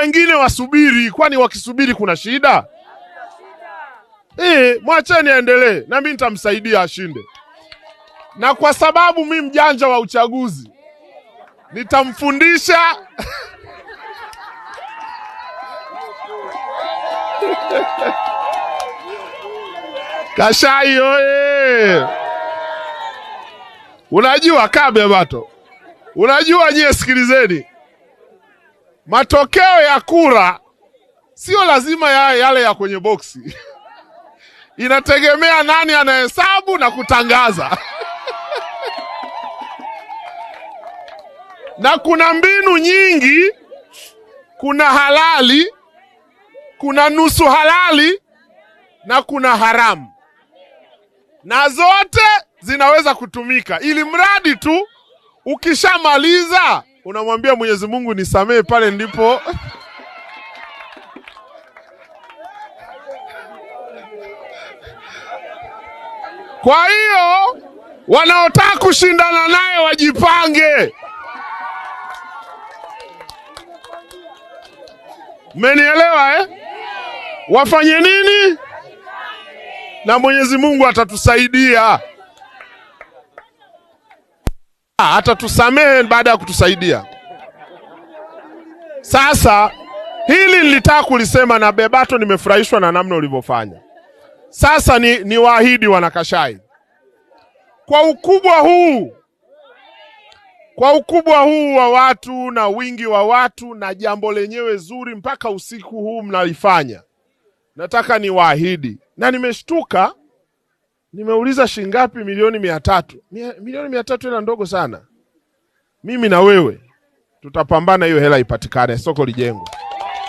wengine wasubiri, kwani wakisubiri kuna shida? Eh, mwacheni aendelee, nami nitamsaidia ashinde. Na kwa sababu mi mjanja wa uchaguzi, nitamfundisha Kashai oye! Unajua kabe bato, unajua nyie, sikilizeni matokeo ya kura sio lazima yawe yale ya kwenye boksi inategemea nani anahesabu na kutangaza na kuna mbinu nyingi. Kuna halali, kuna nusu halali na kuna haramu, na zote zinaweza kutumika ili mradi tu ukishamaliza unamwambia Mwenyezi Mungu nisamee, pale ndipo Kwa hiyo wanaotaka kushindana naye wajipange. Mmenielewa eh? Wafanye nini? Na Mwenyezi Mungu atatusaidia ah, atatusamehe baada ya kutusaidia. Sasa hili nilitaka kulisema na Bebato, nimefurahishwa na namna ulivyofanya. Sasa ni, ni waahidi wanakashai kwa ukubwa huu kwa ukubwa huu wa watu na wingi wa watu na jambo lenyewe zuri, mpaka usiku huu mnalifanya, nataka niwaahidi, na nimeshtuka nimeuliza shingapi? Milioni mia tatu. Milioni mia tatu hela ndogo sana. Mimi na wewe tutapambana hiyo hela ipatikane, soko lijengwe.